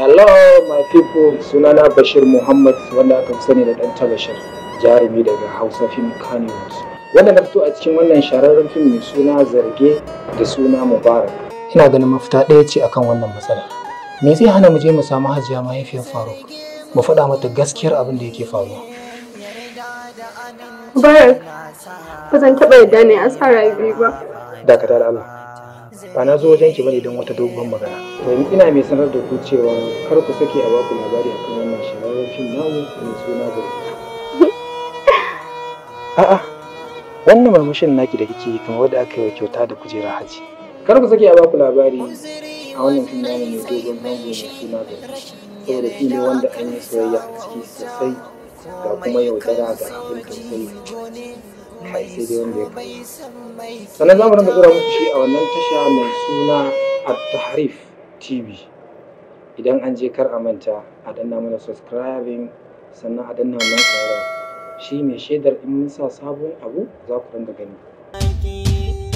Hello my people sunana Bashir Muhammad wanda aka fi sani da ɗan Bashir jarumi daga Hausa Film Kannywood. Wanda na fito a cikin wannan shahararren fim mai suna zarge da suna Mubarak. Ina ganin mafita ɗaya ce akan wannan matsala. Me zai hana mu je mu samu hajiya mahaifiyar Faruk mu faɗa mata gaskiyar abin da yake faruwa. Mubarak, ba zan taɓa yadda ne a sa rayu ba. Dakatar Allah. ba na zo wajen ki bane don wata dogon magana yanzu ina mai sanar da ku cewa kar ku sake a baku labari akan wannan shahararren fim namu mai suna gari a'a wannan murmushin naki da kike kamar wanda aka yi wa kyauta da kujera haji kar ku sake a baku labari a wannan fim namu mai dogon zango mai suna gari saboda fim wanda an yi soyayya a ciki sosai ga kuma yaudara ga abin yi sai dai wanda ya sannan za mu rinka tsira muku shi a wannan tasha mai suna at-tahrif tv idan an je kar a manta a danna mana subscribing sannan a danna mana tsara shi mai shaidar in mun sa sabon abu za ku rinka gani